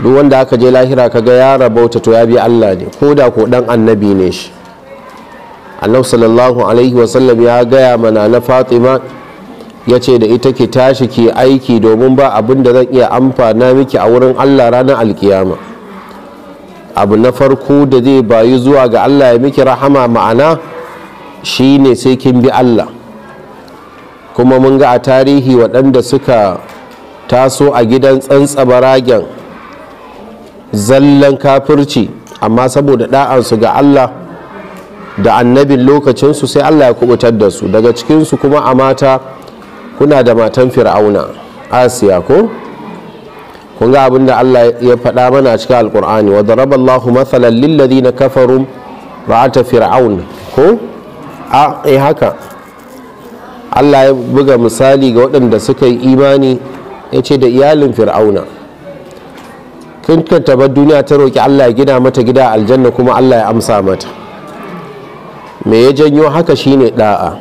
duk wanda aka je lahira kaga ya rabauta to ya bi Allah ne ko da ko dan annabi ne shi Allah sallallahu alaihi wasallam ya gaya mana na fatima ya ce da ita ki tashi ki aiki domin ba abin da zan iya amfana miki a wurin Allah ranar alkiyama abu na farko da zai bayu zuwa ga Allah ya miki rahama ma'ana shine sai kin bi Allah kuma mun ga a tarihi waɗanda suka taso a gidan tsantsa baragen zallan kafirci amma saboda da'ansu ga Allah da annabin lokacinsu sai Allah ya kubutar da su daga cikinsu kuma a mata kuna da matan fir'auna asiya ko kun ga abin da Allah ya faɗa mana a cikin alkur'ani wa daraba Allahu mathalan lil ladina kafaru ra'ata Fir'auna? ko a eh haka Allah ya buga misali ga waɗanda suka yi imani ya ce da iyalin fir'auna Kun ta duniya ta roƙi Allah ya gina mata gida aljanna kuma Allah ya amsa mata me ya janyo haka shine da'a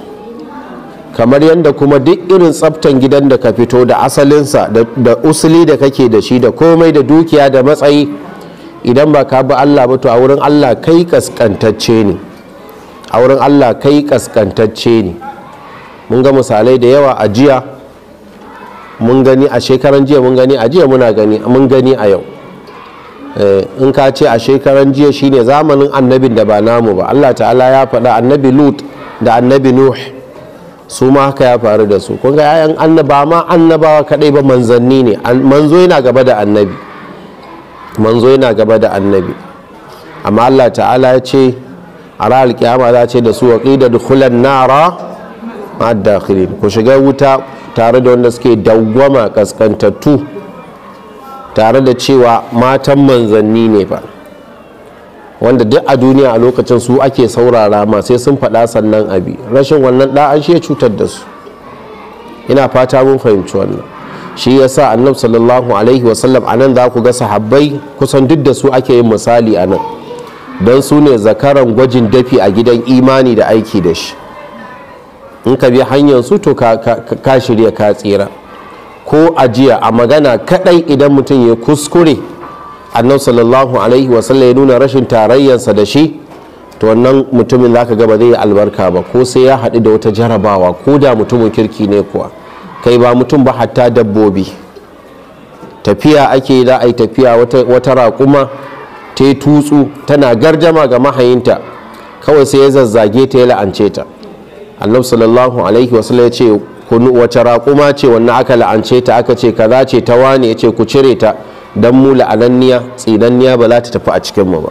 kamar yadda kuma duk irin tsaftan gidan da ka fito da asalinsa da usuli da kake da shi da komai da dukiya da matsayi idan ba ka bi Allah ba to a wurin Allah kai kaskantacce ne a wurin Allah kai kaskantacce ne mun ga misalai da yawa a jiya mun gani a shekaran jiya mun gani a jiya muna gani mun gani a yau Eh, in ka ce a shekaran jiya shine zamanin annabin da ba namu ba Allah ta'ala ya faɗa annabi lut da annabi nuh su ma haka ya faru da su kun ga yayan annaba ma annabawa kadai ba manzanni ne manzo yana gaba da annabi manzo yana gaba da annabi amma Allah ta'ala ya ce a ranar kiyama za ce da su wa qida dukhulan nara ma'ad ku shiga wuta tare da wanda suke dawwama kaskantattu tare da cewa matan manzanni ne ba wanda duk a duniya a lokacin su ake saurara ma sai sun faɗa sannan abi rashin wannan ɗa'an shi ya cutar da su ina fata mun fahimci wannan shi ya sa annabi sallallahu alaihi wasallam a nan za ku ga sahabbai kusan duk da su ake yin misali a nan don su ne zakaran gwajin dafi a gidan imani da aiki da shi in ka bi hanyar su to ka shirya ka tsira ko ajiya a magana kadai idan mutum ya kuskure annabi sallallahu alaihi wa sallam ya nuna rashin tarayyarsa da shi to wannan mutumin zaka ga ba zai yi albarka ba ko sai ya haɗu da wata jarabawa ko da mutumin kirki ne kuwa kai ba mutum ba hatta dabbobi tafiya ake za a yi tafiya wata raƙuma ta tutsu tana garjama ga mahayinta kawai sai ya zazzage ta ya la'ance ta annabi sallallahu alaihi wa sallam ya ce kunu wace raƙuma ce wannan aka la'ance ta aka ce kaza ce ta wane ya ce ku cire ta don mu la'ananniya tsinanniya ba za ta tafi a cikin mu ba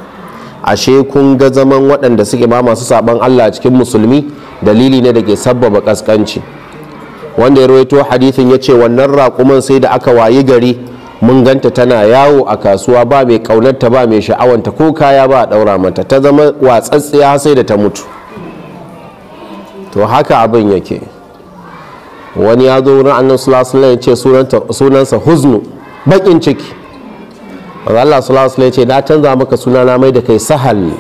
ashe kun ga zaman waɗanda suke ba masu saban Allah a cikin musulmi dalili ne da ke sabbaba kaskanci wanda ya rawaito hadithin ya ce wannan raƙuman sai da aka wayi gari mun ganta tana yawo a kasuwa ba mai ƙaunarta ba mai sha'awanta ko kaya ba a ɗaura mata ta zama watsatsiya sai da ta mutu to haka abin yake wani ya zo wurin annan sulasula ya ce sunansa huznu bakin ciki Allah sulasula ya ce na canza maka suna na mai da kai sahal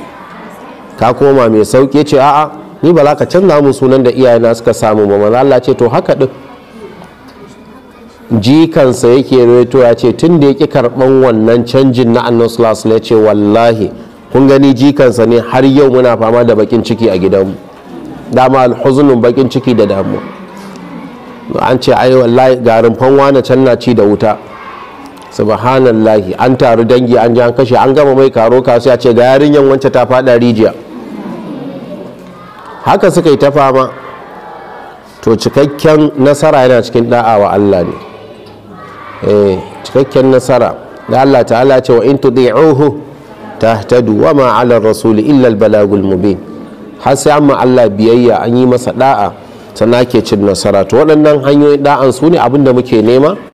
ka koma mai sauki ce a'a ni ba za ka canza mu sunan da iyayena suka samu ba manzo Allah ce to haka din jikansa yake reto ya ce tun da ya ƙi karɓan wannan canjin na annan sulasula ya ce wallahi kun gani jikansa ne har yau muna fama da bakin ciki a gidanmu dama alhuzunin bakin ciki da damuwa an ce ai wallahi garin fanwa na can na ci da wuta subhanallahi an taru dangi an ji an kashe an gama mai karo kasu ya ce ga yarinyan wancan ta fada rijiya haka suka yi ta fama to cikakken nasara yana cikin da'a wa Allah ne eh cikakken nasara da Allah ta'ala ce wa in tudi'uhu tahtadu wa ma 'ala rasuli illa al-balagul mubin har sai amma Allah biyayya an yi masa da'a sannan ake cin nasara to waɗannan hanyoyin da'an su ne abin da muke nema